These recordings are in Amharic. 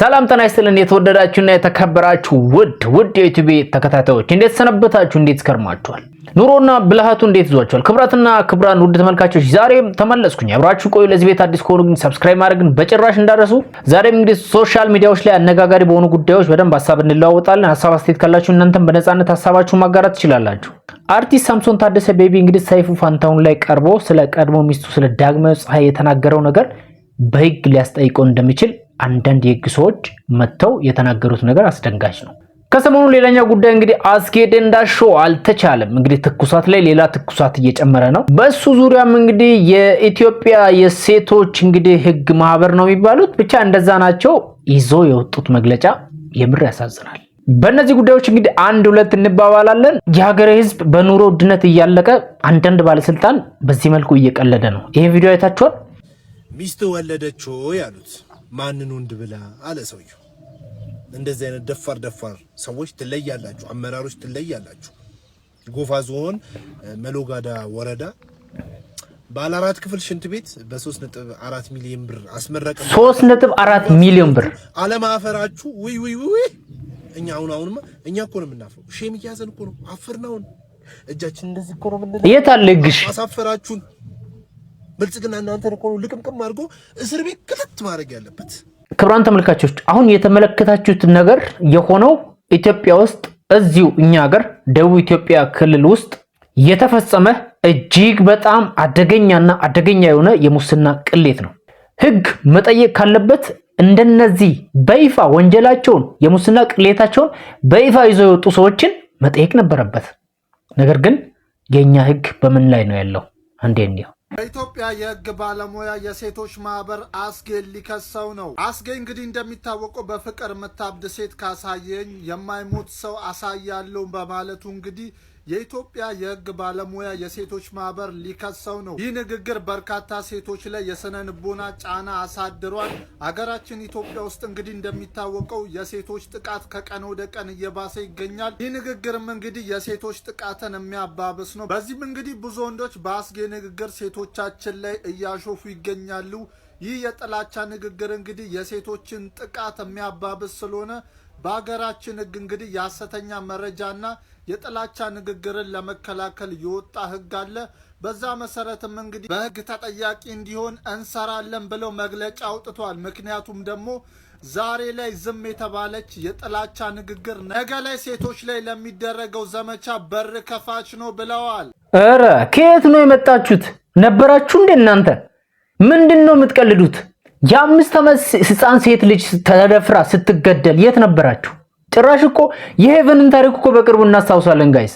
ሰላም ጤና ይስጥልን የተወደዳችሁና የተከበራችሁ ውድ ውድ የዩቲዩብ ተከታታዮች እንዴት ሰነበታችሁ? እንዴት ከርማችኋል? ኑሮና ብልሃቱ እንዴት ይዟችኋል? ክብራትና ክብራን ውድ ተመልካቾች ዛሬም ተመለስኩኝ። አብራችሁ ቆዩ። ለዚህ ቤት አዲስ ከሆኑ ግን ሰብስክራይብ ማድረግን በጭራሽ እንዳደረሱ ዛሬም እንግዲህ ሶሻል ሚዲያዎች ላይ አነጋጋሪ በሆኑ ጉዳዮች በደንብ ሀሳብ እንለዋወጣለን። ሀሳብ አስተያየት ካላችሁ እናንተም በነፃነት ሀሳባችሁ ማጋራት ትችላላችሁ። አርቲስት ሳምሶን ታደሰ ቤቢ እንግዲህ ሰይፉ ፋንታሁን ላይ ቀርቦ ስለ ቀድሞ ሚስቱ ስለ ዳግመ ፀሐይ የተናገረው ነገር በህግ ሊያስጠይቀው እንደሚችል አንዳንድ የህግ ሰዎች መጥተው የተናገሩት ነገር አስደንጋጭ ነው። ከሰሞኑ ሌላኛው ጉዳይ እንግዲህ አስጌ ዳሾ አልተቻለም። እንግዲህ ትኩሳት ላይ ሌላ ትኩሳት እየጨመረ ነው። በሱ ዙሪያም እንግዲህ የኢትዮጵያ የሴቶች እንግዲህ ህግ ማህበር ነው የሚባሉት ብቻ እንደዛ ናቸው ይዞ የወጡት መግለጫ የምር ያሳዝናል። በእነዚህ ጉዳዮች እንግዲህ አንድ ሁለት እንባባላለን። የሀገሬ ህዝብ በኑሮ ውድነት እያለቀ አንዳንድ ባለስልጣን በዚህ መልኩ እየቀለደ ነው። ይህን ቪዲዮ አይታችኋል? ሚስት ወለደችው ያሉት ማንን ወንድ ብላ አለ ሰውየው። እንደዚህ አይነት ደፋር ደፋር ሰዎች ትለያላችሁ፣ አመራሮች ትለያላችሁ። ጎፋ ዞን መሎጋዳ ወረዳ ባለ አራት ክፍል ሽንት ቤት በ3.4 ሚሊዮን ብር አስመረቀ። 3.4 ሚሊዮን ብር አለማፈራችሁ! ውይ ውይ ውይ! እኛ አሁን አሁንማ እኛ እኮ ነው የምናፈሩ። ሼም እያዘን እኮ ነው አፈርናውን። እጃችን እንደዚህ እኮ ነው የምንለው። የት አለ ግሽ? አሳፈራችሁን ብልጽግና እናንተን እኮ ልቅምቅም አድርጎ እስር ቤት ክትት ማድረግ ያለበት። ክብራን ተመልካቾች አሁን የተመለከታችሁት ነገር የሆነው ኢትዮጵያ ውስጥ እዚሁ እኛ ሀገር ደቡብ ኢትዮጵያ ክልል ውስጥ የተፈጸመ እጅግ በጣም አደገኛና አደገኛ የሆነ የሙስና ቅሌት ነው። ህግ መጠየቅ ካለበት እንደነዚህ በይፋ ወንጀላቸውን የሙስና ቅሌታቸውን በይፋ ይዞ የወጡ ሰዎችን መጠየቅ ነበረበት። ነገር ግን የእኛ ህግ በምን ላይ ነው ያለው? አንዴ እንየው። በኢትዮጵያ የህግ ባለሙያ የሴቶች ማህበር አስጌን ሊከሰው ነው። አስጌ እንግዲህ እንደሚታወቀው በፍቅር የምታብድ ሴት ካሳየኝ የማይሞት ሰው አሳያለሁ በማለቱ እንግዲህ የኢትዮጵያ የህግ ባለሙያ የሴቶች ማህበር ሊከሰው ነው። ይህ ንግግር በርካታ ሴቶች ላይ የስነ ልቦና ጫና አሳድሯል። አገራችን ኢትዮጵያ ውስጥ እንግዲህ እንደሚታወቀው የሴቶች ጥቃት ከቀን ወደ ቀን እየባሰ ይገኛል። ይህ ንግግርም እንግዲህ የሴቶች ጥቃትን የሚያባብስ ነው። በዚህም እንግዲህ ብዙ ወንዶች በአስጌ ንግግር ሴቶቻችን ላይ እያሾፉ ይገኛሉ። ይህ የጥላቻ ንግግር እንግዲህ የሴቶችን ጥቃት የሚያባብስ ስለሆነ በሀገራችን ሕግ እንግዲህ የሐሰተኛ መረጃና የጥላቻ ንግግርን ለመከላከል የወጣ ሕግ አለ። በዛ መሰረትም እንግዲህ በሕግ ተጠያቂ እንዲሆን እንሰራለን ብለው መግለጫ አውጥቷል። ምክንያቱም ደግሞ ዛሬ ላይ ዝም የተባለች የጥላቻ ንግግር ነገ ላይ ሴቶች ላይ ለሚደረገው ዘመቻ በር ከፋች ነው ብለዋል። እረ ከየት ነው የመጣችሁት? ነበራችሁ እንዴ እናንተ ምንድን ነው የምትቀልዱት? የአምስት ዓመት ህፃን ሴት ልጅ ተደፍራ ስትገደል የት ነበራችሁ? ጭራሽ እኮ የሄቨንን ታሪክ እኮ በቅርቡ እናስታውሳለን ጋይስ።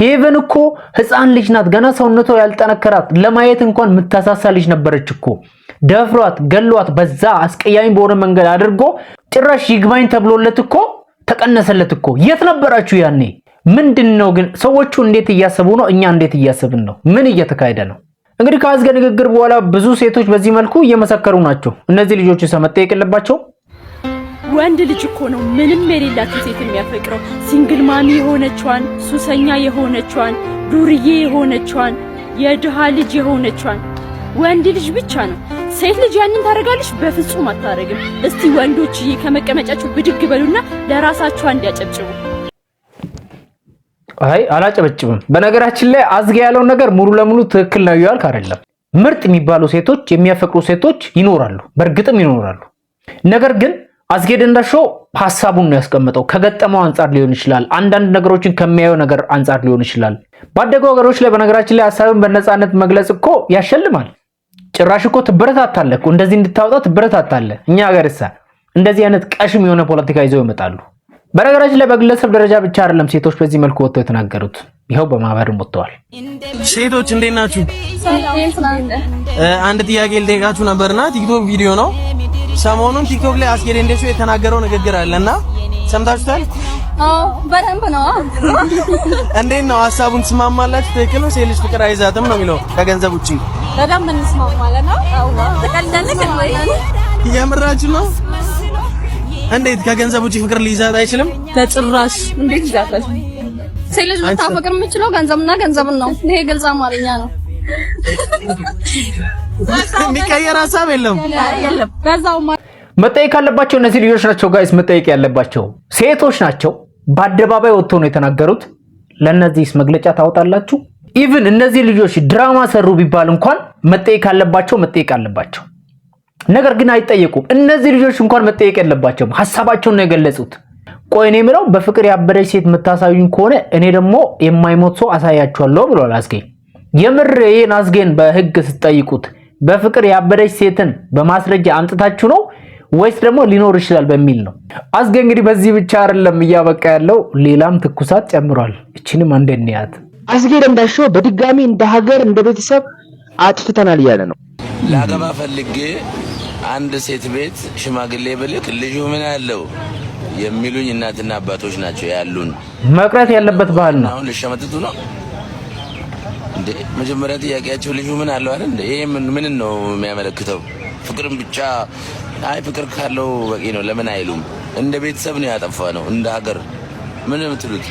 ሄቨን እኮ ህፃን ልጅ ናት፣ ገና ሰውነቷ ያልጠነከራት ለማየት እንኳን የምታሳሳ ልጅ ነበረች እኮ። ደፍሯት ገሏት፣ በዛ አስቀያሚ በሆነ መንገድ አድርጎ ጭራሽ ይግባኝ ተብሎለት እኮ ተቀነሰለት እኮ። የት ነበራችሁ ያኔ? ምንድን ነው ግን ሰዎቹ እንዴት እያሰቡ ነው? እኛ እንዴት እያሰብን ነው? ምን እየተካሄደ ነው? እንግዲህ ከአዝገ ንግግር በኋላ ብዙ ሴቶች በዚህ መልኩ እየመሰከሩ ናቸው። እነዚህ ልጆች መጠየቅ የለባቸው። ወንድ ልጅ እኮ ነው ምንም የሌላትን ሴት የሚያፈቅረው። ሲንግል ማሚ የሆነችዋን፣ ሱሰኛ የሆነችዋን፣ ዱርዬ የሆነችዋን፣ የድሃ ልጅ የሆነችዋን ወንድ ልጅ ብቻ ነው። ሴት ልጅ ያንን ታደርጋለች? በፍጹም አታደርግም። እስቲ ወንዶችዬ ከመቀመጫችሁ ብድግ በሉና ለራሳችሁ እንዲያጨብጭቡ አይ አላጨበጭብም። በነገራችን ላይ አዝጋ ያለውን ነገር ሙሉ ለሙሉ ትክክል ነው ያልክ አይደለም። ምርጥ የሚባሉ ሴቶች የሚያፈቅሩ ሴቶች ይኖራሉ፣ በእርግጥም ይኖራሉ። ነገር ግን አዝጌ ደንዳሾ ሀሳቡን ነው ያስቀምጠው። ከገጠመው አንጻር ሊሆን ይችላል። አንዳንድ ነገሮችን ከሚያየው ነገር አንጻር ሊሆን ይችላል። ባደጉ ሀገሮች ላይ በነገራችን ላይ ሀሳብን በነፃነት መግለጽ እኮ ያሸልማል። ጭራሽ እኮ ትበረታታለህ፣ እንደዚህ እንድታወጣ ትበረታታለህ። እኛ ሀገር እንደዚህ አይነት ቀሽም የሆነ ፖለቲካ ይዘው ይመጣሉ። በነገራችን ላይ በግለሰብ ደረጃ ብቻ አይደለም ሴቶች በዚህ መልኩ ወጥተው የተናገሩት፣ ይኸው በማህበርም ወጥተዋል። ሴቶች እንዴት ናችሁ? አንድ ጥያቄ ልጠይቃችሁ ነበርና ቲክቶክ ቪዲዮ ነው። ሰሞኑን ቲክቶክ ላይ አስጌ ዴንዴሶ የተናገረው ንግግር አለና ሰምታችሁታል? አዎ በደንብ ነው። እንዴት ነው ሀሳቡን ትስማማላችሁ? ትክክል ነው። ሴት ልጅ ፍቅር አይዛትም ነው የሚለው ከገንዘብ ውጪ በደንብ እንስማማለን ነው። አዎ ተቀደልክ ነው የምራችሁ ነው እንዴት ከገንዘብ ውጪ ፍቅር ሊይዛት አይችልም? ተጭራሽ እንዴት ይዛታል? ሴት ልጅ ልታፈቅር የምችለው ገንዘብና ገንዘብ ነው። ይሄ ግልጽ አማርኛ ነው። የሚቀየር ሀሳብ የለም። መጠየቅ ያለባቸው እነዚህ ልጆች ናቸው። ጋይስ መጠየቅ ያለባቸው ሴቶች ናቸው። በአደባባይ ወጥቶ ነው የተናገሩት። ለእነዚህስ መግለጫ ታወጣላችሁ? ኢቭን እነዚህ ልጆች ድራማ ሰሩ ቢባል እንኳን መጠየቅ ያለባቸው መጠየቅ አለባቸው። ነገር ግን አይጠየቁም። እነዚህ ልጆች እንኳን መጠየቅ የለባቸውም። ሀሳባቸውን ነው የገለጹት። ቆይ እኔ የምለው በፍቅር ያበደች ሴት የምታሳዩኝ ከሆነ እኔ ደግሞ የማይሞት ሰው አሳያችኋለሁ ብሏል አስጌ። የምር ይህን አስጌን በህግ ስትጠይቁት በፍቅር ያበደች ሴትን በማስረጃ አምጥታችሁ ነው ወይስ ደግሞ ሊኖር ይችላል በሚል ነው? አስጌ እንግዲህ በዚህ ብቻ አይደለም እያበቃ ያለው ሌላም ትኩሳት ጨምሯል። እችንም አንደንያት አስጌ ደንዳሾ በድጋሚ እንደ ሀገር እንደ ቤተሰብ አጥፍተናል እያለ ነው ላገባ ፈልጌ አንድ ሴት ቤት ሽማግሌ ብልክ ልጁ ምን አለው የሚሉኝ እናትና አባቶች ናቸው ያሉን። መቅረት ያለበት ባህል ነው። አሁን ልሸመጥጡ ነው እንዴ? መጀመሪያ ጥያቄያቸው ልጁ ምን አለው አይደል? ይሄ ምን ነው የሚያመለክተው? ፍቅርም ብቻ አይ ፍቅር ካለው በቂ ነው ለምን አይሉም? እንደ ቤተሰብ ነው ያጠፋ ነው እንደ ሀገር ምን የምትሉት?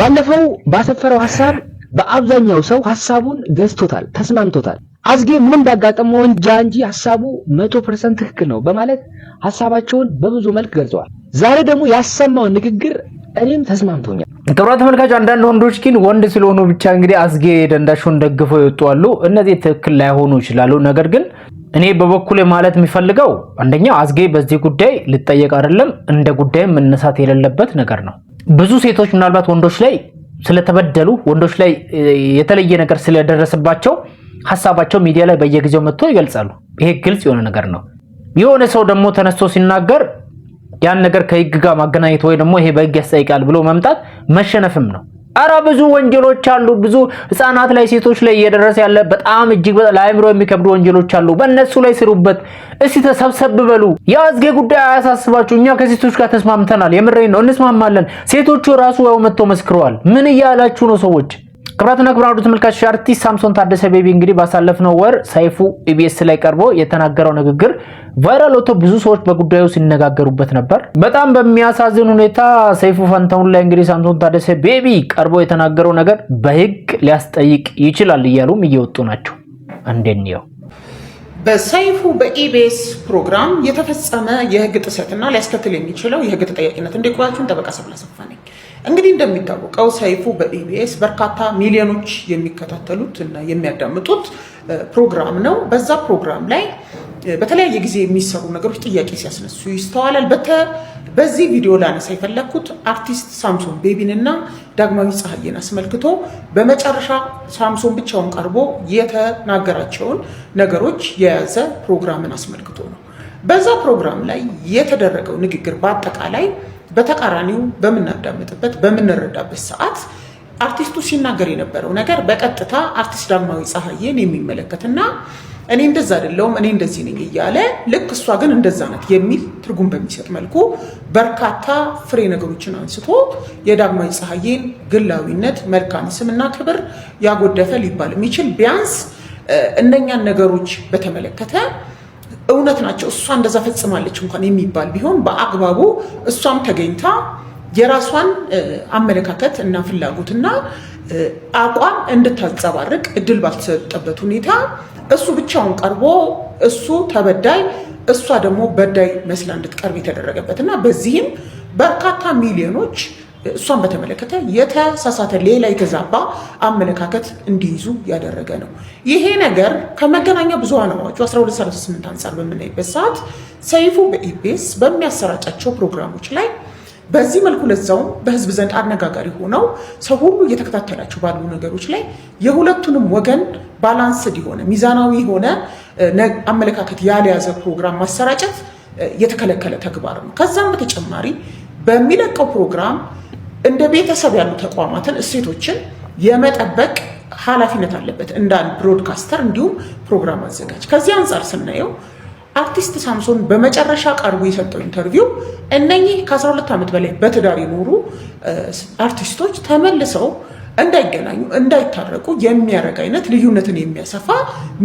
ባለፈው ባሰፈረው ሀሳብ በአብዛኛው ሰው ሀሳቡን ገዝቶታል፣ ተስማምቶታል። አዝጌ ምንም እንዳጋጠመ ወንጃ እንጂ ሀሳቡ መቶ ፐርሰንት ትክክል ነው በማለት ሀሳባቸውን በብዙ መልክ ገልጸዋል። ዛሬ ደግሞ ያሰማውን ንግግር እኔም ተስማምቶኛል። ክቡራን ተመልካች አንዳንድ ወንዶች ግን ወንድ ስለሆኑ ብቻ እንግዲህ አዝጌ ደንዳሾን ደግፈው ይወጡ እነዚህ ትክክል ላይሆኑ ይችላሉ። ነገር ግን እኔ በበኩሌ ማለት የሚፈልገው አንደኛ አዝጌ በዚህ ጉዳይ ልጠየቅ አይደለም፣ እንደ ጉዳይ መነሳት የሌለበት ነገር ነው። ብዙ ሴቶች ምናልባት ወንዶች ላይ ስለተበደሉ ወንዶች ላይ የተለየ ነገር ስለደረሰባቸው ሀሳባቸው ሚዲያ ላይ በየጊዜው መጥቶ ይገልጻሉ። ይሄ ግልጽ የሆነ ነገር ነው። የሆነ ሰው ደግሞ ተነስቶ ሲናገር ያን ነገር ከህግ ጋር ማገናኘት ወይ ደግሞ ይሄ በህግ ያስጠይቃል ብሎ መምጣት መሸነፍም ነው። አረ ብዙ ወንጀሎች አሉ። ብዙ ህፃናት ላይ ሴቶች ላይ እየደረሰ ያለ በጣም እጅግ ለአእምሮ የሚከብዱ ወንጀሎች አሉ። በእነሱ ላይ ስሩበት፣ እስቲ ተሰብሰብ በሉ። የአዝጌ ጉዳይ አያሳስባችሁ። እኛ ከሴቶች ጋር ተስማምተናል። የምሬን ነው፣ እንስማማለን። ሴቶቹ ራሱ ያው መጥተው መስክረዋል። ምን እያላችሁ ነው ሰዎች? ክቡራትና ክቡራን ተመልካች አርቲስት ሳምሶን ታደሰ ቤቢ እንግዲህ ባሳለፍነው ወር ሰይፉ ኢቢኤስ ላይ ቀርቦ የተናገረው ንግግር ቫይራል ወጥቶ ብዙ ሰዎች በጉዳዩ ሲነጋገሩበት ነበር። በጣም በሚያሳዝን ሁኔታ ሰይፉ ፈንታሁን ላይ እንግዲህ ሳምሶን ታደሰ ቤቢ ቀርቦ የተናገረው ነገር በህግ ሊያስጠይቅ ይችላል እያሉም እየወጡ ናቸው። እንዴንየው በሰይፉ በኢቢኤስ ፕሮግራም የተፈጸመ የህግ ጥሰትና ሊያስከትል የሚችለው የህግ ተጠያቂነት እንዲቆያችሁን ጠበቃ ሰብለ ሰፋ ነኝ። እንግዲህ እንደሚታወቀው ሰይፉ በኢቢኤስ በርካታ ሚሊዮኖች የሚከታተሉት እና የሚያዳምጡት ፕሮግራም ነው። በዛ ፕሮግራም ላይ በተለያየ ጊዜ የሚሰሩ ነገሮች ጥያቄ ሲያስነሱ ይስተዋላል። በዚህ ቪዲዮ ላነሳ የፈለግኩት አርቲስት ሳምሶን ቤቢን እና ዳግማዊ ፀሐይን አስመልክቶ በመጨረሻ ሳምሶን ብቻውን ቀርቦ የተናገራቸውን ነገሮች የያዘ ፕሮግራምን አስመልክቶ ነው። በዛ ፕሮግራም ላይ የተደረገው ንግግር በአጠቃላይ በተቃራኒው በምናዳምጥበት በምንረዳበት ሰዓት አርቲስቱ ሲናገር የነበረው ነገር በቀጥታ አርቲስት ዳግማዊ ፀሐዬን የሚመለከትና እኔ እንደዛ አይደለሁም እኔ እንደዚህ ነኝ እያለ ልክ እሷ ግን እንደዛ ናት የሚል ትርጉም በሚሰጥ መልኩ በርካታ ፍሬ ነገሮችን አንስቶ የዳግማዊ ፀሐዬን ግላዊነት፣ መልካም ስምና ክብር ያጎደፈ ሊባል የሚችል ቢያንስ እነኛን ነገሮች በተመለከተ እውነት ናቸው። እሷ እንደዛ ፈጽማለች እንኳን የሚባል ቢሆን በአግባቡ እሷም ተገኝታ የራሷን አመለካከት እና ፍላጎት እና አቋም እንድታንጸባርቅ እድል ባልተሰጠበት ሁኔታ እሱ ብቻውን ቀርቦ እሱ ተበዳይ እሷ ደግሞ በዳይ መስላ እንድትቀርብ የተደረገበት እና በዚህም በርካታ ሚሊዮኖች እሷን በተመለከተ የተሳሳተ ሌላ የተዛባ አመለካከት እንዲይዙ ያደረገ ነው። ይሄ ነገር ከመገናኛ ብዙኃን አዋጁ 1238 አንጻር በምናይበት ሰዓት ሰይፉ በኢቢኤስ በሚያሰራጫቸው ፕሮግራሞች ላይ በዚህ መልኩ ለዛውም በህዝብ ዘንድ አነጋጋሪ ሆነው ሰው ሁሉ እየተከታተላቸው ባሉ ነገሮች ላይ የሁለቱንም ወገን ባላንስድ የሆነ ሚዛናዊ የሆነ አመለካከት ያልያዘ ፕሮግራም ማሰራጨት የተከለከለ ተግባር ነው። ከዛም በተጨማሪ በሚለቀው ፕሮግራም እንደ ቤተሰብ ያሉ ተቋማትን እሴቶችን የመጠበቅ ኃላፊነት አለበት እንደ አንድ ብሮድካስተር እንዲሁም ፕሮግራም አዘጋጅ። ከዚህ አንጻር ስናየው አርቲስት ሳምሶን በመጨረሻ ቀርቦ የሰጠው ኢንተርቪው እነኚህ ከ12 ዓመት በላይ በትዳር የኖሩ አርቲስቶች ተመልሰው እንዳይገናኙ እንዳይታረቁ የሚያደርግ አይነት ልዩነትን የሚያሰፋ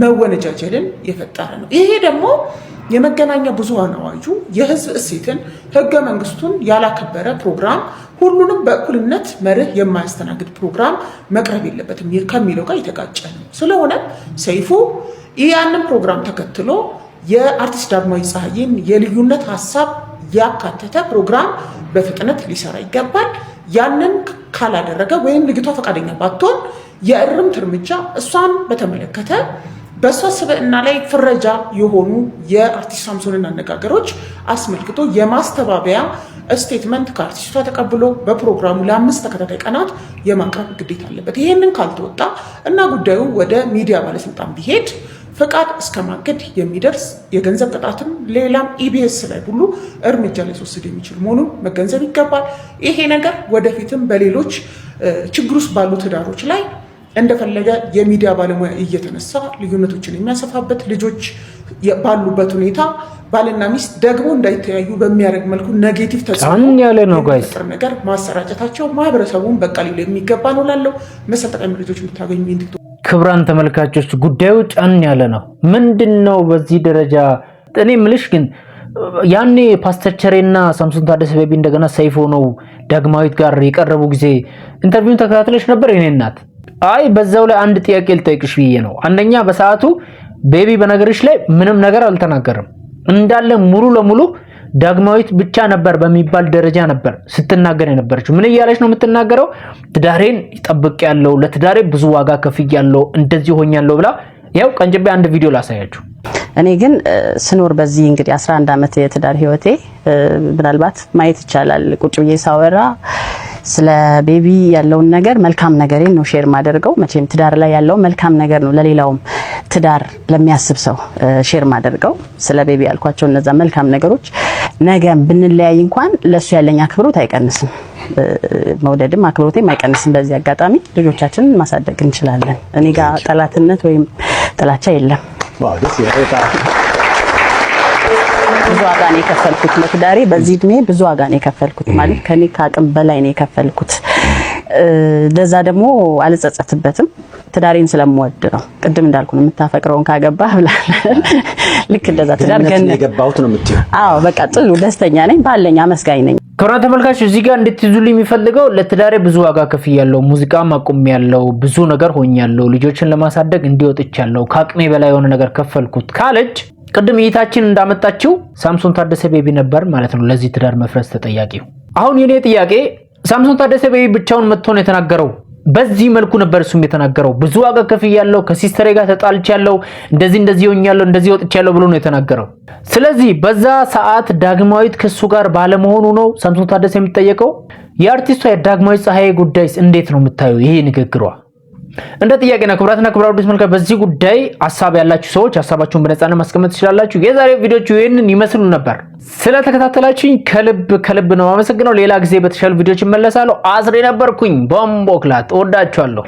መወነጃጀልን የፈጠረ ነው። ይሄ ደግሞ የመገናኛ ብዙሃን አዋጁ የህዝብ እሴትን፣ ህገ መንግስቱን ያላከበረ ፕሮግራም፣ ሁሉንም በእኩልነት መርህ የማያስተናግድ ፕሮግራም መቅረብ የለበትም ከሚለው ጋር የተጋጨ ነው። ስለሆነ ሰይፉ ያንን ፕሮግራም ተከትሎ የአርቲስት ዳግማዊ ፀሐይን የልዩነት ሀሳብ ያካተተ ፕሮግራም በፍጥነት ሊሰራ ይገባል። ያንን ካላደረገ ወይም ልጅቷ ፈቃደኛ ባትሆን የእርምት እርምጃ እሷን በተመለከተ በእሷ ስብዕና ላይ ፍረጃ የሆኑ የአርቲስት ሳምሶንን አነጋገሮች አስመልክቶ የማስተባበያ ስቴትመንት ከአርቲስቷ ተቀብሎ በፕሮግራሙ ለአምስት ተከታታይ ቀናት የማቅረብ ግዴታ አለበት። ይህንን ካልተወጣ እና ጉዳዩ ወደ ሚዲያ ባለስልጣን ቢሄድ ፈቃድ እስከ ማገድ የሚደርስ የገንዘብ ቅጣትም ሌላም ኢቢኤስ ላይ ሁሉ እርምጃ ሊወስድ የሚችል መሆኑን መገንዘብ ይገባል። ይሄ ነገር ወደፊትም በሌሎች ችግር ውስጥ ባሉ ትዳሮች ላይ እንደፈለገ የሚዲያ ባለሙያ እየተነሳ ልዩነቶችን የሚያሰፋበት ልጆች ባሉበት ሁኔታ ባልና ሚስት ደግሞ እንዳይተያዩ በሚያደርግ መልኩ ኔጌቲቭ ተጽዕኖ ያለ ነው ነገር ማሰራጨታቸው ማህበረሰቡን በቃ ሊሉ የሚገባ ነው ላለው መሰል ጠቃሚ ልጆች የምታገኙ ክብራን ተመልካቾች ጉዳዩ ጫን ያለ ነው። ምንድን ነው በዚህ ደረጃ እኔ ምልሽ ግን ያኔ ፓስተር ቸሬና ሳምሶን ታደሰ ቤቢ እንደገና ሰይፎ ነው ዳግማዊት ጋር የቀረቡ ጊዜ ኢንተርቪውን ተከታትለሽ ነበር የኔ እናት አይ በዛው ላይ አንድ ጥያቄ ልጠይቅሽ ብዬ ነው። አንደኛ በሰዓቱ ቤቢ በነገርሽ ላይ ምንም ነገር አልተናገርም እንዳለ ሙሉ ለሙሉ ዳግማዊት ብቻ ነበር በሚባል ደረጃ ነበር ስትናገር የነበረችው። ምን እያለች ነው የምትናገረው? ትዳሬን ይጠብቅ ያለው ለትዳሬ ብዙ ዋጋ ከፍያለው እንደዚህ ሆኛለሁ ብላ ያው ቀንጭቤ አንድ ቪዲዮ ላሳያችሁ። እኔ ግን ስኖር በዚህ እንግዲህ 11 ዓመት የትዳር ህይወቴ ምናልባት ማየት ይቻላል ቁጭ ብዬ ሳወራ ስለ ቤቢ ያለውን ነገር መልካም ነገር ነው ሼር ማደርገው። መቼም ትዳር ላይ ያለው መልካም ነገር ነው ለሌላውም ትዳር ለሚያስብ ሰው ሼር ማደርገው። ስለ ቤቢ ያልኳቸው እነዛ መልካም ነገሮች ነገ ብንለያይ እንኳን ለእሱ ያለኝ አክብሮት አይቀንስም፣ መውደድም አክብሮቴም አይቀንስም። በዚህ አጋጣሚ ልጆቻችንን ማሳደግ እንችላለን። እኔ ጋር ጠላትነት ወይም ጥላቻ የለም። ደስ ብዙ ዋጋ ነው የከፈልኩት ለትዳሬ በዚህ እድሜ ብዙ ዋጋ ነው የከፈልኩት ማለት ከኔ ከአቅም በላይ ነው የከፈልኩት ለዛ ደግሞ አልጸጸትበትም። ትዳሬን ስለምወድ ነው። ቅድም እንዳልኩ ነው የምታፈቅረውን ካገባ ብላለን። ልክ እንደዛ ትዳር ገን የገባሁት ነው የምትይው። አዎ በቃ ጥሩ ደስተኛ ነኝ፣ ባለኝ አመስጋኝ ነኝ። ክብራ ተመልካች እዚህ ጋር እንድትይዙልኝ የሚፈልገው ለትዳሬ ብዙ ዋጋ ከፍያለሁ፣ ሙዚቃ ማቁም ያለው ብዙ ነገር ሆኛለሁ፣ ልጆችን ለማሳደግ እንዲወጥቻለሁ፣ ከአቅሜ በላይ የሆነ ነገር ከፈልኩት ካለች ቅድም እይታችን እንዳመጣችው ሳምሶን ታደሰ ቤቢ ነበር ማለት ነው ለዚህ ትዳር መፍረስ ተጠያቂው። አሁን የኔ ጥያቄ ሳምሶን ታደሰ በይ ብቻውን መጥቶ ነው የተናገረው። በዚህ መልኩ ነበር እሱም የተናገረው። ብዙ ዋጋ ከፍያለሁ፣ ከሲስተሬ ጋር ተጣልቻለሁ፣ እንደዚህ እንደዚህ ሆኛለሁ፣ እንደዚህ ወጥቻለሁ ብሎ ነው የተናገረው። ስለዚህ በዛ ሰዓት ዳግማዊት ከሱ ጋር ባለመሆኑ ነው ሳምሶን ታደሰ የሚጠየቀው። የአርቲስቷ የዳግማዊት ፀሐይ ጉዳይስ እንዴት ነው የምታየው? ይሄ ንግግሯ እንደ ጥያቄና ክብራትና ክብራ አዲስ መልካ በዚህ ጉዳይ ሀሳብ ያላችሁ ሰዎች ሀሳባችሁን በነፃነት ማስቀመጥ ትችላላችሁ። የዛሬ ቪዲዮች ይህንን ይመስሉ ነበር። ስለተከታተላችሁኝ ከልብ ከልብ ነው አመሰግነው። ሌላ ጊዜ በተሻሉ ቪዲዮች እመለሳለሁ። አስሬ ነበርኩኝ። ቦምቦክላት ወዳችኋለሁ።